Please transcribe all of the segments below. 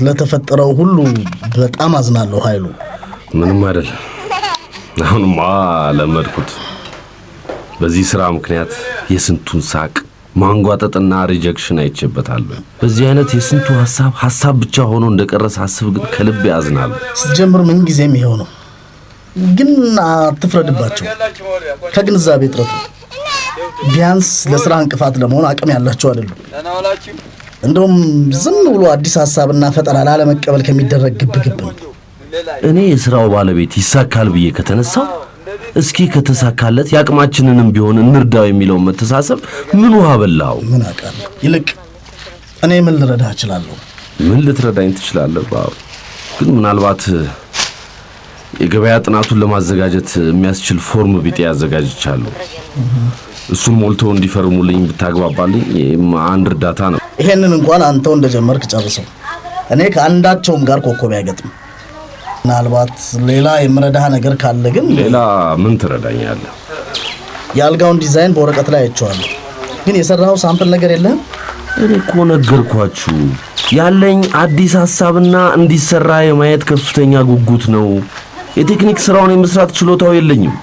ስለተፈጠረው ሁሉ በጣም አዝናለሁ ኃይሉ። ምንም አይደለም። አሁንማ ለመድኩት። በዚህ ስራ ምክንያት የስንቱን ሳቅ ማንጓጠጥና ሪጀክሽን አይቼበታለሁ። በዚህ አይነት የስንቱ ሐሳብ ሐሳብ ብቻ ሆኖ እንደቀረ ሳስብ ግን ከልብ ያዝናሉ። ስትጀምር ምን ጊዜም ይሄው ነው። ግን አትፍረድባቸው፣ ከግንዛቤ እጥረት ቢያንስ ለስራ እንቅፋት ለመሆን አቅም ያላቸው አይደሉም። እንደውም ዝም ብሎ አዲስ ሐሳብና ፈጠራ ላለመቀበል ከሚደረግ ግብግብ ነው። እኔ የሥራው ባለቤት ይሳካል ብዬ ከተነሳው እስኪ ከተሳካለት የአቅማችንንም ቢሆን እንርዳው የሚለውን መተሳሰብ ምን ውሃ በላው? ምን አቃል። ይልቅ እኔ ምን ልረዳህ እችላለሁ? ምን ልትረዳኝ ትችላለህ? ግን ምናልባት የገበያ ጥናቱን ለማዘጋጀት የሚያስችል ፎርም ቢጤ ያዘጋጅቻለሁ። እሱን ሞልቶ እንዲፈርሙልኝ ብታግባባልኝ አንድ እርዳታ ነው። ይሄንን እንኳን አንተው እንደጀመርክ ጨርሰው። እኔ ከአንዳቸውም ጋር ኮከብ አይገጥም። ምናልባት ሌላ የምረዳህ ነገር ካለ ግን። ሌላ ምን ትረዳኛለህ? የአልጋውን ዲዛይን በወረቀት ላይ አይቼዋለሁ፣ ግን የሰራኸው ሳምፕል ነገር የለህም። እኔ እኮ ነገርኳችሁ ያለኝ አዲስ ሐሳብና እንዲሰራ የማየት ከፍተኛ ጉጉት ነው። የቴክኒክ ስራውን የመስራት ችሎታው የለኝም።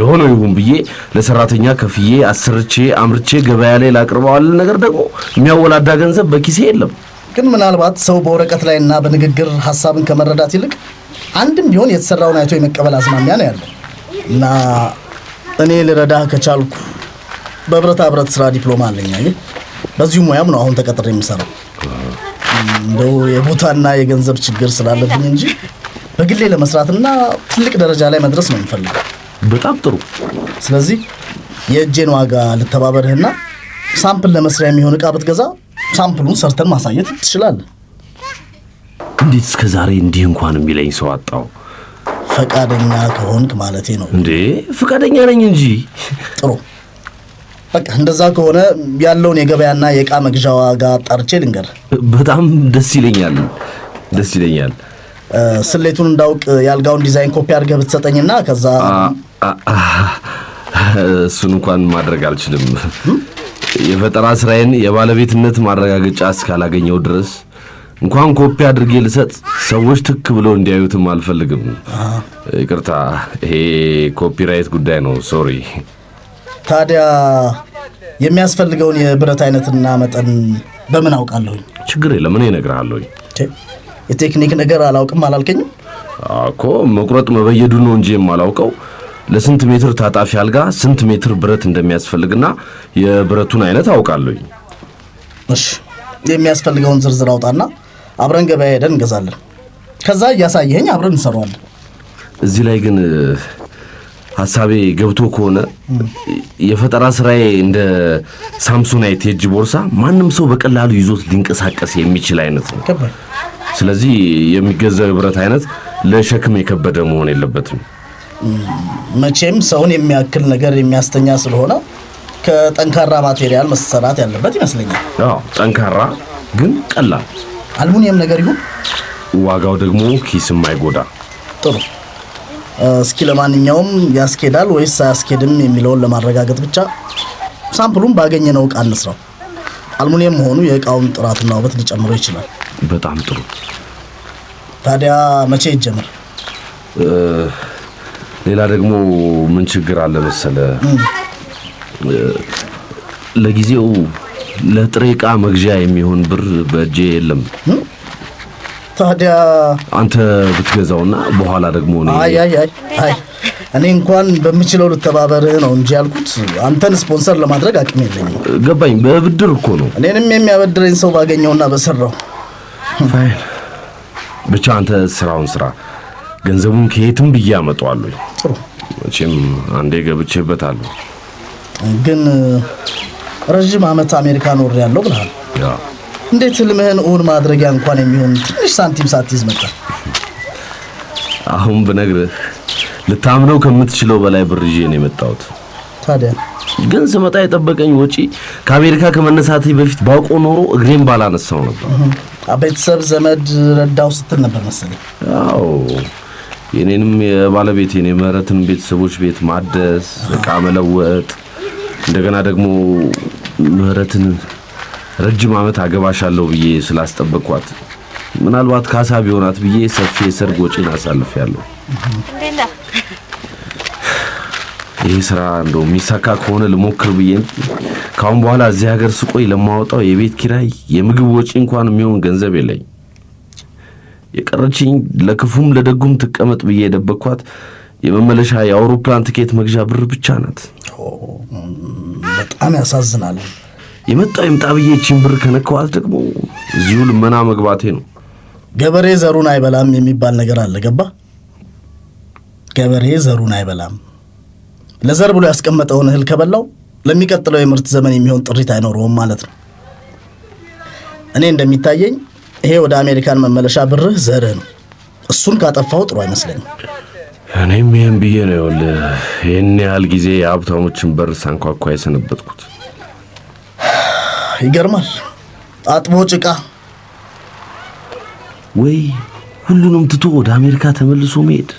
የሆነው ይሁን ብዬ ለሰራተኛ ከፍዬ አስርቼ አምርቼ ገበያ ላይ ላቅርበዋል። ነገር ደግሞ የሚያወላዳ ገንዘብ በኪሴ የለም። ግን ምናልባት ሰው በወረቀት ላይ በንግግር ሀሳብን ከመረዳት ይልቅ አንድም ቢሆን የተሰራውን አይቶ የመቀበል አዝማሚያ ነው ያለው እና እኔ ልረዳህ ከቻልኩ በብረታ ብረት ስራ ዲፕሎማ አለኝ አይደል? በዚሁ ሙያም ነው አሁን ተቀጥሬ የምሰራው። እንደው የቦታና የገንዘብ ችግር ስላለብኝ እንጂ በግሌ ለመስራትና ትልቅ ደረጃ ላይ መድረስ ነው የምፈልገው። በጣም ጥሩ። ስለዚህ የእጄን ዋጋ ልተባበርህና ሳምፕል ለመስሪያ የሚሆን እቃ ብትገዛ ሳምፕሉን ሰርተን ማሳየት ትችላለህ። እንዴት እስከ ዛሬ እንዲህ እንኳን የሚለኝ ሰው አጣው። ፈቃደኛ ከሆንክ ማለቴ ነው። እንዴ ፈቃደኛ ነኝ እንጂ። ጥሩ በቃ እንደዛ ከሆነ ያለውን የገበያና የእቃ መግዣ ዋጋ ጠርቼ ልንገር። በጣም ደስ ይለኛል፣ ደስ ይለኛል። ስሌቱን እንዳውቅ የአልጋውን ዲዛይን ኮፒ አድርገህ ብትሰጠኝና ከዛ እሱን እንኳን ማድረግ አልችልም። የፈጠራ ስራዬን የባለቤትነት ማረጋገጫ እስካላገኘው ድረስ እንኳን ኮፒ አድርጌ ልሰጥ ሰዎች ትክ ብሎ እንዲያዩትም አልፈልግም። ይቅርታ፣ ይሄ ኮፒራይት ጉዳይ ነው። ሶሪ። ታዲያ የሚያስፈልገውን የብረት አይነትና መጠን በምን አውቃለሁኝ? ችግር የለም እኔ እነግርሃለሁኝ። የቴክኒክ ነገር አላውቅም አላልከኝም እኮ። መቁረጥ መበየዱ ነው እንጂ የማላውቀው ለስንት ሜትር ታጣፊ አልጋ ስንት ሜትር ብረት እንደሚያስፈልግና የብረቱን አይነት አውቃለሁኝ። እሺ የሚያስፈልገውን ዝርዝር አውጣና አብረን ገበያ ሄደን እንገዛለን። ከዛ እያሳየኝ አብረን እንሰራዋለን። እዚህ ላይ ግን ሀሳቤ ገብቶ ከሆነ የፈጠራ ስራዬ እንደ ሳምሶናይት የእጅ ቦርሳ ማንም ሰው በቀላሉ ይዞት ሊንቀሳቀስ የሚችል አይነት ነው። ስለዚህ የሚገዛው የብረት አይነት ለሸክም የከበደ መሆን የለበትም። መቼም ሰውን የሚያክል ነገር የሚያስተኛ ስለሆነ ከጠንካራ ማቴሪያል መሰራት ያለበት ይመስለኛል። አዎ ጠንካራ ግን ቀላል አልሙኒየም ነገር ይሁን፣ ዋጋው ደግሞ ኪስም አይጎዳ። ጥሩ። እስኪ ለማንኛውም ያስኬዳል ወይስ አያስኬድም የሚለውን ለማረጋገጥ ብቻ ሳምፕሉን ባገኘነው ዕቃ እንስራው። አልሙኒየም መሆኑ የእቃውን ጥራትና ውበት ሊጨምረው ይችላል። በጣም ጥሩ። ታዲያ መቼ ይጀምር? ሌላ ደግሞ ምን ችግር አለ መሰለ፣ ለጊዜው ለጥሬ ዕቃ መግዣ የሚሆን ብር በእጄ የለም። ታዲያ አንተ ብትገዛውና በኋላ ደግሞ እኔ አይ አይ አይ እኔ እንኳን በምችለው ልተባበርህ ነው እንጂ ያልኩት አንተን ስፖንሰር ለማድረግ አቅም የለኝም። ገባኝ። በብድር እኮ ነው። እኔንም የሚያበድረኝ ሰው ባገኘውና በሰራው ፋይል ብቻ አንተ ስራውን ስራ፣ ገንዘቡን ከየትም ብዬ አመጣዋለሁ። ጥሩ መቼም አንዴ ገብቼበታለሁ። ግን ረዥም ዓመት አሜሪካ ኖር ያለው ብለሃል። እንዴት ህልምህን እውን ማድረጊያ እንኳን የሚሆን ትንሽ ሳንቲም ሳትይዝ መጣ? አሁን ብነግርህ ልታምነው ከምትችለው በላይ ብር ይዤ ነው የመጣሁት። ታዲያ ግን ስመጣ የጠበቀኝ ወጪ ከአሜሪካ ከመነሳቴ በፊት ባውቆ ኖሮ እግሬን ባላነሳው ነበር። ቤተሰብ ዘመድ ረዳው ስትል ነበር መሰለኝ። አዎ የኔንም የባለቤቴን የምህረትን ቤተሰቦች ቤት ማደስ፣ እቃ መለወጥ፣ እንደገና ደግሞ ምህረትን ረጅም ዓመት አገባሻለሁ ብዬ ስላስጠበቅኳት ምናልባት ካሳ ቢሆናት ብዬ ሰፊ የሰርግ ወጪን አሳልፌያለሁ። ይህ ስራ እንደው የሚሳካ ከሆነ ልሞክር ብዬ ካሁን በኋላ እዚህ ሀገር ስቆይ ለማወጣው የቤት ኪራይ፣ የምግብ ወጪ እንኳን የሚሆን ገንዘብ የለኝ። የቀረችኝ ለክፉም ለደጉም ትቀመጥ ብዬ የደበኳት የመመለሻ የአውሮፕላን ትኬት መግዣ ብር ብቻ ናት። በጣም ያሳዝናል። የመጣው የምጣ ብዬ ይህችን ብር ከነከዋት ደግሞ እዚሁ ልመና መግባቴ ነው። ገበሬ ዘሩን አይበላም የሚባል ነገር አለ። ገባ ገበሬ ዘሩን አይበላም። ለዘር ብሎ ያስቀመጠውን እህል ከበላው ለሚቀጥለው የምርት ዘመን የሚሆን ጥሪት አይኖረውም ማለት ነው። እኔ እንደሚታየኝ ይሄ ወደ አሜሪካን መመለሻ ብርህ ዘርህ ነው። እሱን ካጠፋው ጥሩ አይመስለኝም። እኔም ይህን ብዬ ነው ይኸውልህ፣ ይህን ያህል ጊዜ የሀብታሞችን በር ሳንኳኳ የሰነበትኩት። ይገርማል። አጥቦ ጭቃ ወይ ሁሉንም ትቶ ወደ አሜሪካ ተመልሶ መሄድ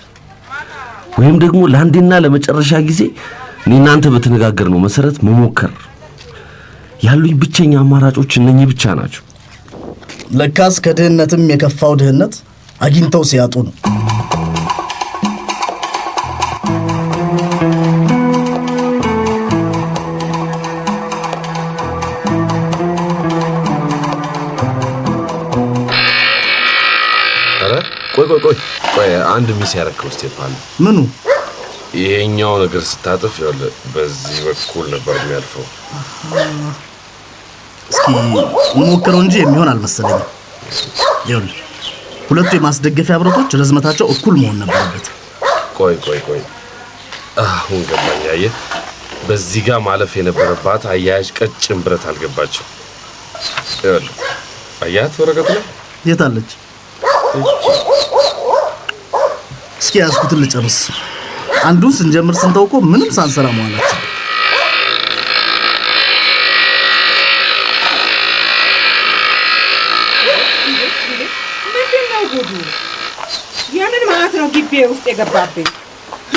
ወይም ደግሞ ለአንዴና ለመጨረሻ ጊዜ እኔ እናንተ በተነጋገር ነው መሰረት መሞከር። ያሉኝ ብቸኛ አማራጮች እነኚህ ብቻ ናቸው። ለካስ ከድህነትም የከፋው ድህነት አግኝተው ሲያጡ ነው። ቆይ ቆይ ቆይ ቆይ አንድ ሚስ ያረከው ስቴፕ አለ። ምኑ? ይሄኛው ነገር ስታጥፍ ያለ በዚህ በኩል ነበር የሚያልፈው። እስኪ ሞክረው እንጂ የሚሆን አልመሰለኝም። ይሁን ሁለቱ የማስደገፊያ ብረቶች ርዝመታቸው እኩል መሆን ነበረበት። ቆይ ቆይ ቆይ፣ አሁን ገባኝ። በዚህ ጋር ማለፍ የነበረባት አያያዥ ቀጭን ብረት አልገባችም። ይሁን አያት፣ ወረቀት ላይ የት አለች? የያዝኩትን ልጨርስ። አንዱን ስንጀምር ስንተው እኮ ምንም ሳንሰራ መዋላችን የምን ማለት ነው? ግቢ ውስጥ የገባብኝ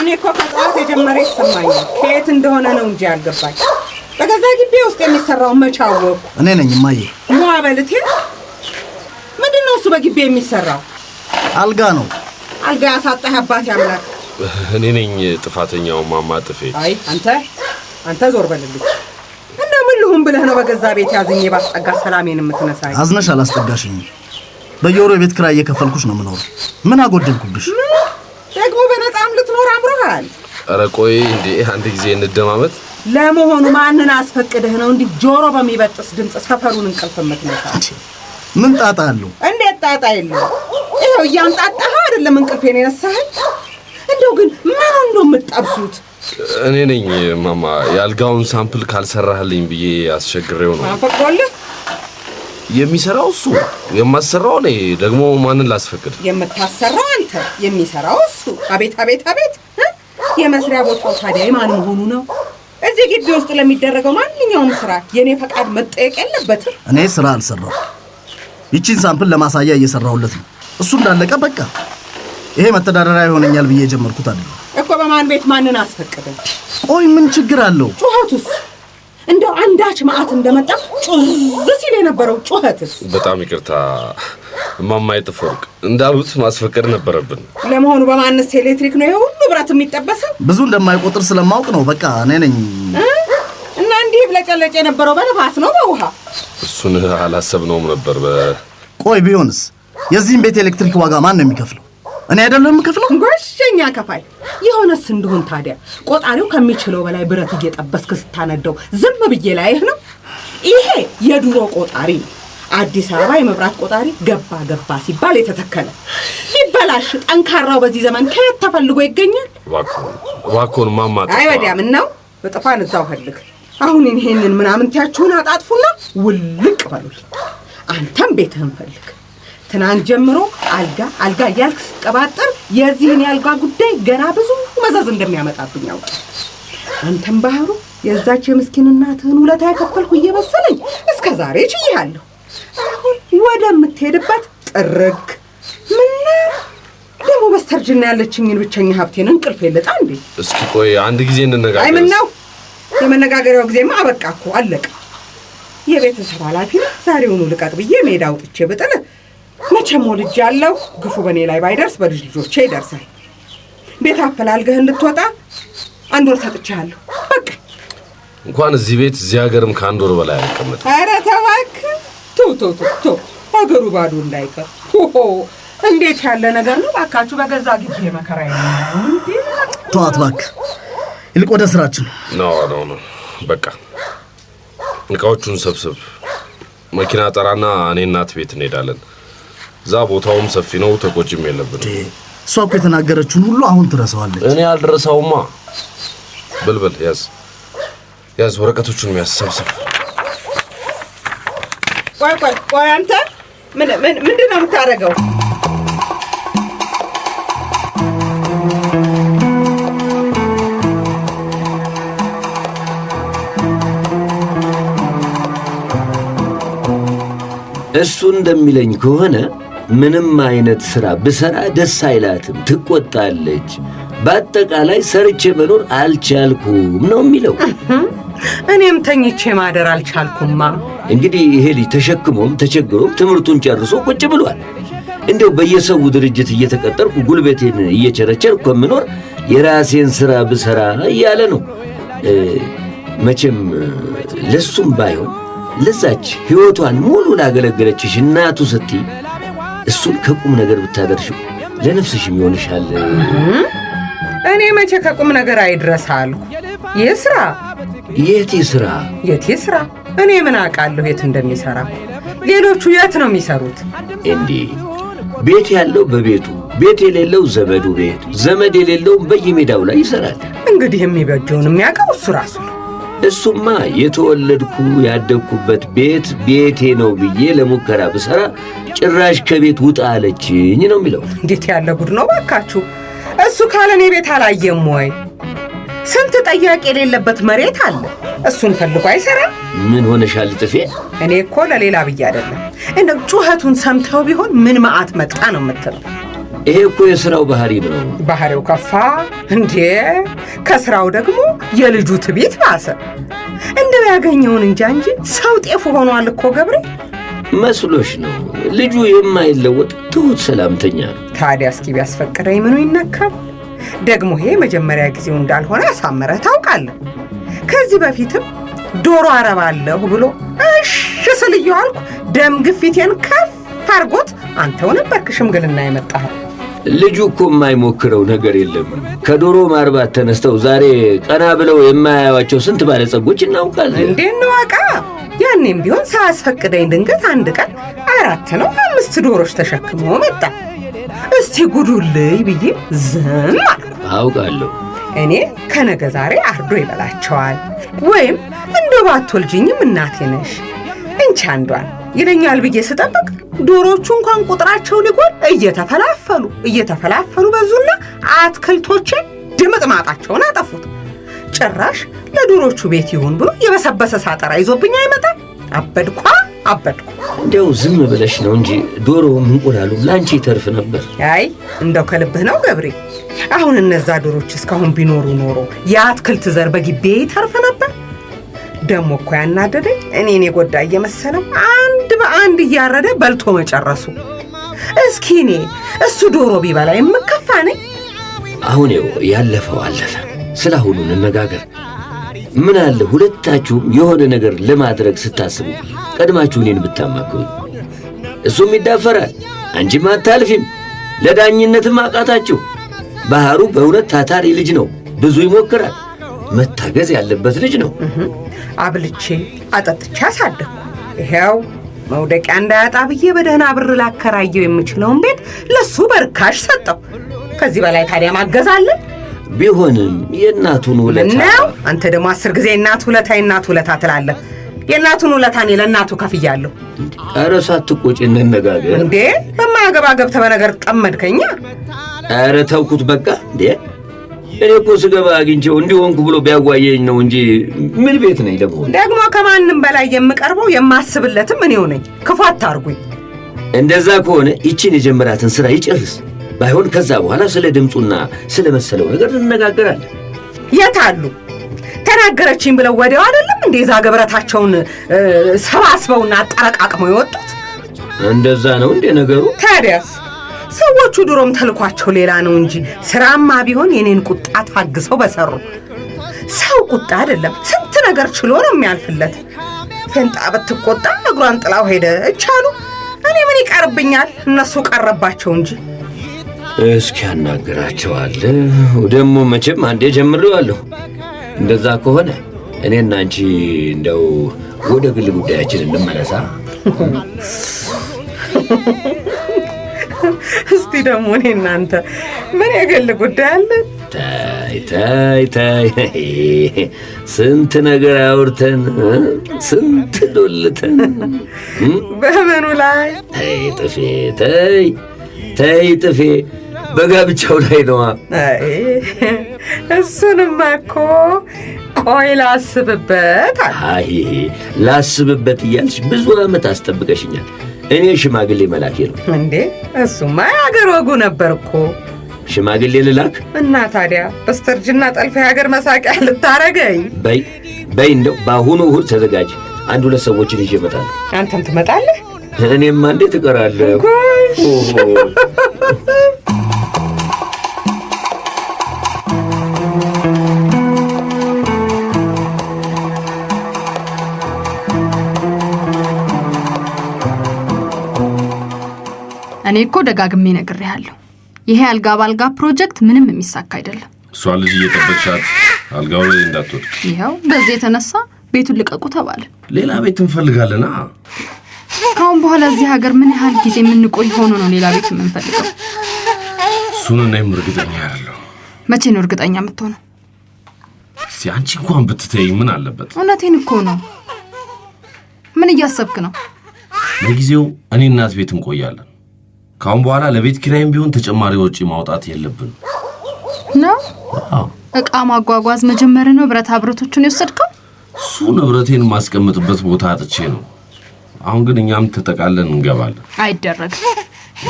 እኔ እኮ ከጠዋት የጀመረ ይሰማኛል። ከየት እንደሆነ ነው እንጂ ያልገባኝ በገዛ ግቢ ውስጥ የሚሰራው መቼ አወቁ? እኔ ነኝ እማዬ። ሟበልቴ ምንድን ነው እሱ በግቢ የሚሰራው? አልጋ ነው አልጋ ያሳጣህ አባት ያምላክ። እኔ ነኝ ጥፋተኛው ማማ ጥፌ። አይ አንተ አንተ ዞር በልልኝ እና ምን ልሁን ብለህ ነው በገዛ ቤት ያዝኝ ባስጠጋ ሰላሜን የምትነሳኝ? አዝነሽ አላስጠጋሽኝ። በየወሩ የቤት ኪራይ እየከፈልኩሽ ነው የምኖር። ምን አጎደልኩብሽ? ደግሞ በነጻም ልትኖር አምሮሃል። ኧረ ቆይ እንዴ አንድ ጊዜ እንደማመት። ለመሆኑ ማንን አስፈቅደህ ነው እንዲህ ጆሮ በሚበጥስ ድምፅ ሰፈሩን እንቅልፍ የምትነሳ? ምን ጣጣ አለው? እንዴት ጣጣ የለው? ይኸው እያንጣጣህ አይደለም እንቅልፌን የነሳኸኝ። እንደው ግን ምን ነው የምጠብሱት? እኔ ነኝ ማማ፣ የአልጋውን ሳምፕል ካልሰራህልኝ ብዬ አስቸግሬው ነው። ፈቅዶልህ የሚሰራው እሱ፣ የማሰራው እኔ። ደግሞ ማንን ላስፈቅድ? የምታሰራው አንተ፣ የሚሰራው እሱ። አቤት አቤት አቤት! የመስሪያ ቦታው ታዲያ የማን መሆኑ ነው? እዚህ ግቢ ውስጥ ለሚደረገው ማንኛውም ስራ የእኔ ፈቃድ መጠየቅ የለበትም። እኔ ስራ አልሰራው ይቺን ሳምፕል ለማሳያ እየሰራሁለት ነው። እሱ እንዳለቀ በቃ ይሄ መተዳደሪያ ይሆነኛል ብዬ የጀመርኩት አይደለም እኮ። በማን ቤት ማንን አስፈቀደ? ቆይ ምን ችግር አለው? ጩኸቱስ እንደው አንዳች መዓት እንደመጣ ጩዝ ሲል የነበረው ጩኸትስ። በጣም ይቅርታ እማማ የጥፍወርቅ፣ እንዳሉት ማስፈቀድ ነበረብን። ለመሆኑ በማንስ ኤሌክትሪክ ነው ይሄ ሁሉ ብረት የሚጠበሰው? ብዙ እንደማይቆጥር ስለማውቅ ነው። በቃ እኔ ነኝ ሲብለጨለጭ የነበረው በነፋስ ነው በውሃ? እሱን አላሰብነውም ነበር። ቆይ ቢሆንስ የዚህም ቤት ኤሌክትሪክ ዋጋ ማን ነው የሚከፍለው? እኔ አይደለም የምከፍለው። ጎሸኛ ከፋይ የሆነስ እንደሆን ታዲያ ቆጣሪው ከሚችለው በላይ ብረት እየጠበስክ ስታነደው ዝም ብዬ ላይህ ነው። ይሄ የድሮ ቆጣሪ አዲስ አበባ የመብራት ቆጣሪ ገባ ገባ ሲባል የተተከለ ሊበላሽ ጠንካራው በዚህ ዘመን ከየት ተፈልጎ ይገኛል? እባክዎን እባክዎን፣ ማማ አይወዲያም ነው በጥፋን እዛው ፈልግ አሁን ይሄንን ምናምን ቲያችሁን አጣጥፉና ውልቅ በሉልኝ። አንተም ቤትህን ፈልግ። ትናንት ጀምሮ አልጋ አልጋ እያልክ ስትቀባጥር የዚህን የአልጋ ጉዳይ ገና ብዙ መዘዝ እንደሚያመጣብኝ አውቅ። አንተም ባህሩ የዛች የምስኪን እናትህን ውለታ የከፈልኩ እየመሰለኝ እስከ ዛሬ ችያለሁ። አሁን ወደምትሄድበት ጥርግ ምን ደግሞ በስተርጅና ያለችኝን ብቸኛ ሀብቴን እንቅልፍ የለጣ እንዴ? እስኪ ቆይ አንድ ጊዜ እንነጋገር። አይ ነው የመነጋገሪያው ጊዜማ አበቃ እኮ አለቀ። የቤተሰብ ኃላፊ ዛሬውኑ ልቀቅ ብዬ ሜዳ አውጥቼ ብጥል መቼም ወልጅ ያለው ግፉ በእኔ ላይ ባይደርስ በልጅ ልጆቼ ይደርሳል። ቤት አፈላልገህ እንድትወጣ አንድ ወር ሰጥቻለሁ። በቃ እንኳን እዚህ ቤት እዚህ ሀገርም ከአንድ ወር በላይ አልቀመጥም። ኧረ ተባክህ ቶ ቶ ቶ ሀገሩ ባዶ እንዳይቀር እንዴት ያለ ነገር ነው! እባካችሁ በገዛ ግቢ መከራ ተዋት እባክህ። ይልቅ ወደ ስራችን። ኖ ኖ ኖ፣ በቃ እቃዎቹን ሰብስብ። መኪና ጠራና እኔ እናት ቤት እንሄዳለን። እዛ ቦታውም ሰፊ ነው፣ ተቆጭም የለብን። እሷ እኮ የተናገረችውን ሁሉ አሁን ትረሳዋለች። እኔ አልደረሰውማ። ብልብል ያዝ ያዝ፣ ወረቀቶቹን የሚያሰብስብ ቆይ ቆይ ቆይ፣ አንተ ምንድን ነው የምታደርገው? እሱ እንደሚለኝ ከሆነ ምንም አይነት ሥራ ብሠራ ደስ አይላትም፣ ትቆጣለች። በአጠቃላይ ሰርቼ መኖር አልቻልኩም ነው የሚለው። እኔም ተኝቼ ማደር አልቻልኩማ። እንግዲህ ይሄ ልጅ ተሸክሞም ተቸግሮም ትምህርቱን ጨርሶ ቁጭ ብሏል። እንደው በየሰው ድርጅት እየተቀጠርኩ ጉልበቴን እየቸረቸር ከምኖር የራሴን ሥራ ብሠራ እያለ ነው። መቼም ለሱም ባይሆን ለዛች ሕይወቷን ሙሉ ላገለገለችሽ እናቱ ስትይ እሱን ከቁም ነገር ብታደርሽው ለነፍስሽ ይሆንሻል። እኔ መቼ ከቁም ነገር አይድረስ ይህ ሥራ የቴ ሥራ የቴ ሥራ እኔ ምን አውቃለሁ የት እንደሚሠራ? ሌሎቹ የት ነው የሚሠሩት? እንዲህ ቤት ያለው በቤቱ ቤት የሌለው ዘመዱ ቤት ዘመድ የሌለውም በየሜዳው ላይ ይሠራል። እንግዲህ የሚበጀውን የሚያውቀው እሱ ራሱ ነው። እሱማ የተወለድኩ ያደግኩበት ቤት ቤቴ ነው ብዬ ለሙከራ ብሰራ ጭራሽ ከቤት ውጣ አለችኝ ነው የሚለው። እንዴት ያለ ጉድ ነው ባካችሁ! እሱ ካለ እኔ ቤት አላየም ወይ? ስንት ጠያቂ የሌለበት መሬት አለ። እሱን ፈልጎ አይሰራ ምን ሆነሻል ጥፌ? እኔ እኮ ለሌላ ብዬ አይደለም። እንደው ጩኸቱን ሰምተው ቢሆን ምን መዓት መጣ ነው የምትለው ይሄ እኮ የሥራው ባህሪ ነው። ባህሪው ከፋ እንዴ! ከሥራው ደግሞ የልጁ ትቢት ባሰ። እንደው ያገኘውን እንጃ እንጂ ሰው ጤፉ ሆኗል እኮ ገብሬ መስሎሽ ነው። ልጁ የማይለወጥ ትሁት ሰላምተኛ ነው። ታዲያ እስኪ ቢያስፈቅደኝ ምኑ ይነካል? ደግሞ ይሄ መጀመሪያ ጊዜው እንዳልሆነ አሳምረህ ታውቃለህ። ከዚህ በፊትም ዶሮ አረባለሁ ብሎ እሽ ስልየዋልኩ ደም ግፊቴን ከፍ አርጎት አንተው ነበርክ ሽምግልና የመጣኸው። ልጁ እኮ የማይሞክረው ነገር የለም። ከዶሮ ማርባት ተነስተው ዛሬ ቀና ብለው የማያያቸው ስንት ባለጸጎች እናውቃለን። እንዴት ነው አቃ ያኔም ቢሆን ሳያስፈቅደኝ ድንገት አንድ ቀን አራት ነው አምስት ዶሮች ተሸክሞ መጣ። እስቲ ጉዱልይ ብዬ ዝም አልኩ። አውቃለሁ እኔ ከነገ ዛሬ አርዶ ይበላቸዋል፣ ወይም እንደ ባትወልጂኝም እናቴ ነሽ እንቺ አንዷን ይለኛል ብዬ ስጠብቅ ዶሮቹ እንኳን ቁጥራቸው ሊጎል እየተፈላፈሉ እየተፈላፈሉ በዙና አትክልቶችን ድምጥ ማጣቸውን አጠፉት። ጭራሽ ለዶሮቹ ቤት ይሁን ብሎ የበሰበሰ ሳጠራ ይዞብኝ ይመጣ አበድኳ አበድኩ። እንደው ዝም ብለሽ ነው እንጂ ዶሮውም እንቁላሉ ለአንቺ ይተርፍ ነበር። አይ እንደው ከልብህ ነው ገብሬ። አሁን እነዛ ዶሮች እስካሁን ቢኖሩ ኖሮ የአትክልት ዘር በግቢ ይተርፍ ነበር። ደሞ እኮ ያናደደኝ እኔን የጎዳ እየመሰለው አንድ እያረደ በልቶ መጨረሱ። እስኪ እኔ እሱ ዶሮ ቢበላ የምከፋ ነኝ? አሁን ይኸው ያለፈው አለፈ። ስለ አሁኑ እንነጋገር። ምን አለ ሁለታችሁም የሆነ ነገር ለማድረግ ስታስቡ ቀድማችሁ እኔን ብታማክሩ። እሱም ይዳፈራል፣ አንቺም አታልፊም፣ ለዳኝነትም አቃታችሁ። ባህሩ በእውነት ታታሪ ልጅ ነው፣ ብዙ ይሞክራል፣ መታገዝ ያለበት ልጅ ነው። አብልቼ አጠጥቼ አሳደግኩ። ይኸው መውደቂያ እንዳያጣ ብዬ በደህና ብር ላከራየው የምችለውን ቤት ለሱ በርካሽ ሰጠው። ከዚህ በላይ ታዲያ ማገዛለን? ቢሆንም የእናቱን ውለታ ነው። አንተ ደግሞ አስር ጊዜ እናት ውለታ የእናት ውለታ ትላለህ። የእናቱን ውለታ እኔ ለእናቱ ከፍያለሁ። ኧረ ሳትቆጪ እንነጋገር እንዴ። በማያገባ ገብተህ በነገር ጠመድከኛ። ኧረ ተውኩት በቃ እንዴ እኔ እኮ ስገባ አግኝቼው እንዲሆንኩ ብሎ ቢያጓየኝ ነው እንጂ ምን ቤት ነኝ? ደግሞ ደግሞ ከማንም በላይ የምቀርበው የማስብለትም እኔው ነኝ። ክፉ አታርጉኝ። እንደዛ ከሆነ ይችን የጀመራትን ስራ ይጨርስ። ባይሆን ከዛ በኋላ ስለ ድምፁና ስለ መሰለው ነገር እንነጋገራለን። የት አሉ? ተናገረችኝ ብለው ወዲያው አይደለም እንዴ ዛ ገበረታቸውን ሰባስበውና አጠረቃቅመው የወጡት? እንደዛ ነው እንዴ ነገሩ ታዲያስ ሰዎቹ ድሮም ተልኳቸው ሌላ ነው እንጂ ስራማ ቢሆን የኔን ቁጣ ታግሰው በሰሩ። ሰው ቁጣ አይደለም ስንት ነገር ችሎ ነው የሚያልፍለት። ፌንጣ ብትቆጣ እግሯን ጥላው ሄደች እቻሉ። እኔ ምን ይቀርብኛል? እነሱ ቀረባቸው እንጂ። እስኪ ያናግራቸዋል ደግሞ መቼም አንዴ ጀምሬዋለሁ። እንደዛ ከሆነ እኔና አንቺ እንደው ወደ ግል ጉዳያችን እንመለሳ። እስቲ ደግሞ እኔ እናንተ ምን የግል ጉዳይ አለን? ታይ ታይ ታይ ስንት ነገር አውርተን ስንት ዶልተን በምኑ ላይ ተይ ጥፌ ተይ ተይ ጥፌ በጋብቻው ላይ ነዋ። እሱንማ እኮ ቆይ ላስብበት። አይ ላስብበት እያልሽ ብዙ ዓመት አስጠብቀሽኛል። እኔ ሽማግሌ መላኬ ነው እንዴ? እሱማ የአገር ወጉ ነበር እኮ ሽማግሌ ልላክ እና ታዲያ በስተርጅና ጠልፈ የሀገር መሳቂያ ልታረገኝ? በይ በይ፣ እንደው በአሁኑ እሁድ ተዘጋጅ። አንድ ሁለት ሰዎችን ይዤ እመጣለሁ። አንተም ትመጣለህ? እኔማ እንዴት እቀራለሁ። እኔ እኮ ደጋግሜ ነግሬሃለሁ፣ ይሄ አልጋ በአልጋ ፕሮጀክት ምንም የሚሳካ አይደለም። እሷ ልጅ እየጠበቅሻት አልጋው ላይ እንዳትወድቅ። ይኸው በዚህ የተነሳ ቤቱን ልቀቁ ተባለ። ሌላ ቤት እንፈልጋለና ከአሁን በኋላ እዚህ ሀገር ምን ያህል ጊዜ የምንቆይ ሆኖ ነው ሌላ ቤት የምንፈልገው? እሱን እኔም እርግጠኛ አይደለሁ። መቼ ነው እርግጠኛ የምትሆነው? እስቲ አንቺ እንኳን ብትተይ ምን አለበት? እውነቴን እኮ ነው። ምን እያሰብክ ነው? ለጊዜው እኔ እናት ቤት እንቆያለን። ካሁን በኋላ ለቤት ኪራይም ቢሆን ተጨማሪ ወጪ ማውጣት የለብን ነው። እቃ ማጓጓዝ መጀመር ነው። ብረታ ብረቶቹን የወሰድከው እሱ ንብረቴን የማስቀምጥበት ቦታ አጥቼ ነው። አሁን ግን እኛም ተጠቃለን እንገባለን። አይደረግም።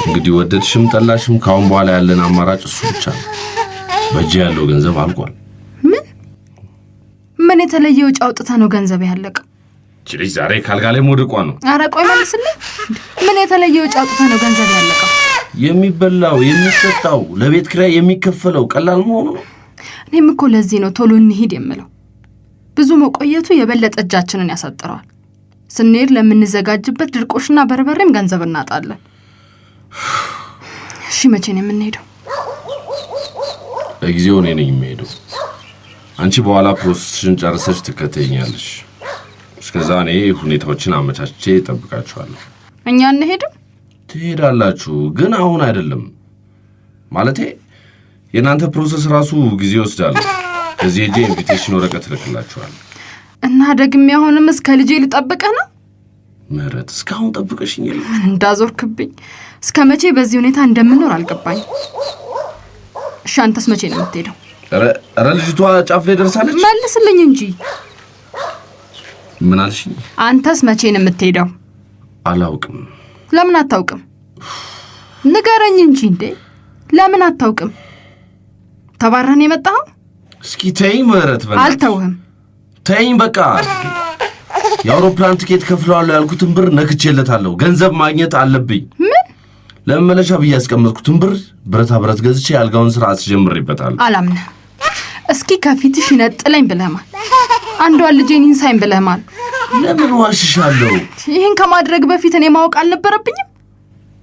እንግዲህ ወደድሽም ጠላሽም ካሁን በኋላ ያለን አማራጭ እሱ ብቻ ነው። በእጅ ያለው ገንዘብ አልቋል። ምን ምን የተለየ ውጭ አውጥተ ነው ገንዘብ ያለቀው? እቺ ልጅ ዛሬ ካልጋ ላይ መውደቋ ነው። አረ ቆይ ምን የተለየ ወጪ አውጥተህ ነው ገንዘብ ያለቀው? የሚበላው የሚጠጣው፣ ለቤት ክራይ የሚከፈለው ቀላል መሆኑ ነው። እኔም እኮ ለዚህ ነው ቶሎ እንሂድ የምለው። ብዙ መቆየቱ የበለጠ እጃችንን ያሳጥረዋል። ስንሄድ ለምንዘጋጅበት ድርቆሽና በርበሬም ገንዘብ እናጣለን። እሺ መቼ ነው የምንሄደው? ለጊዜው እኔ ነኝ የሚሄደው። አንቺ በኋላ ፕሮሰስሽን ጨርሰሽ ትከተኛለሽ። እስከዛ እኔ ሁኔታዎችን አመቻችቼ እጠብቃችኋለሁ። እኛ እንሄድም። ትሄዳላችሁ፣ ግን አሁን አይደለም። ማለቴ የእናንተ ፕሮሰስ ራሱ ጊዜ ይወስዳል። እዚህ ሄጄ ኢንቪቴሽን ወረቀት እልክላችኋል። እና ደግሜ አሁንም እስከ ልጄ ልጠብቅህ ነው? ምህረት እስካሁን ጠብቀሽኝ የለ ምን እንዳዞርክብኝ። እስከ መቼ በዚህ ሁኔታ እንደምኖር አልገባኝ። እሺ አንተስ መቼ ነው የምትሄደው? ኧረ ልጅቷ ጫፍ ላይ ደርሳለች። መልስልኝ እንጂ ምን አንተስ መቼ ነው የምትሄደው? አላውቅም። ለምን አታውቅም? ንገረኝ እንጂ እንዴ! ለምን አታውቅም? ተባረን የመጣኸው? እስኪ ተይኝ፣ ምህረት በ አልተውህም። ተይኝ በቃ። የአውሮፕላን ትኬት ከፍለዋለሁ ያልኩትን ብር ነክቼለታለሁ። ገንዘብ ማግኘት አለብኝ። ምን ለመመለሻ ብዬ ያስቀመጥኩትን ብር ብረታ ብረት ገዝቼ ያልጋውን ስራ አስጀምሬበታለሁ። አላምነ። እስኪ ከፊትሽ ይነጥለኝ ብለማል አንዷ ልጄን ይንሳይን ብለህማል። ለምን ዋሽሻለሁ? ይህን ከማድረግ በፊት እኔ ማወቅ አልነበረብኝም።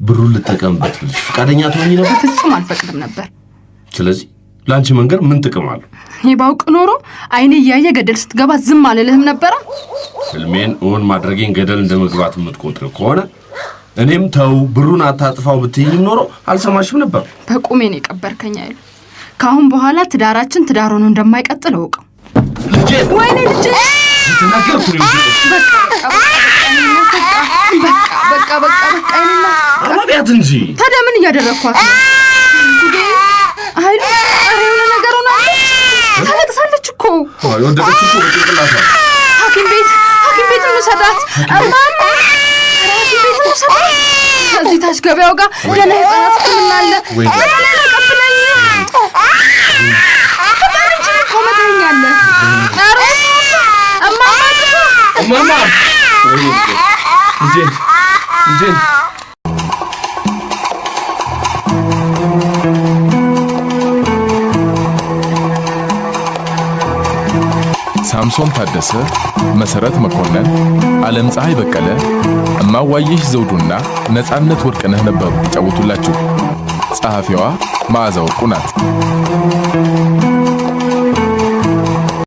ብሩን ልጠቀምበት ብልሽ ፈቃደኛ ትሆኚ ነበር? ፍጹም አልፈቅድም ነበር። ስለዚህ ለአንቺ መንገር ምን ጥቅም አለው? ይህ ባውቅ ኖሮ አይኔ እያየ ገደል ስትገባ ዝም አልልህም ነበረ። ህልሜን እውን ማድረጌን ገደል እንደ መግባት የምትቆጥር ከሆነ እኔም ተው ብሩን አታጥፋው ብትይኝ ኖሮ አልሰማሽም ነበር። በቁሜን የቀበርከኝ አይሉ። ከአሁን በኋላ ትዳራችን ትዳር ሆኖ እንደማይቀጥል እውቅ። አባቢያት እንጂ ታዲያ ምን እያደረግኳት ነው? የሆነ ነገር ሆናለች፣ ታለቅሳለች እኮ ሐኪም ቤት ሐኪም ቤት እንውሰዳት፣ ከዚህ ታች ገበያው ጋር ገና የሕፃናት ሕክምና አለ። ትሆኛለህ። ሳምሶን ታደሰ፣ መሰረት መኮንን፣ ዓለም ፀሐይ በቀለ፣ እማዋየሽ ዘውዱና ነፃነት ወርቅነህ ነበሩ ይጫወቱላችሁ። ጸሐፊዋ መዓዛ ወርቁ ናት።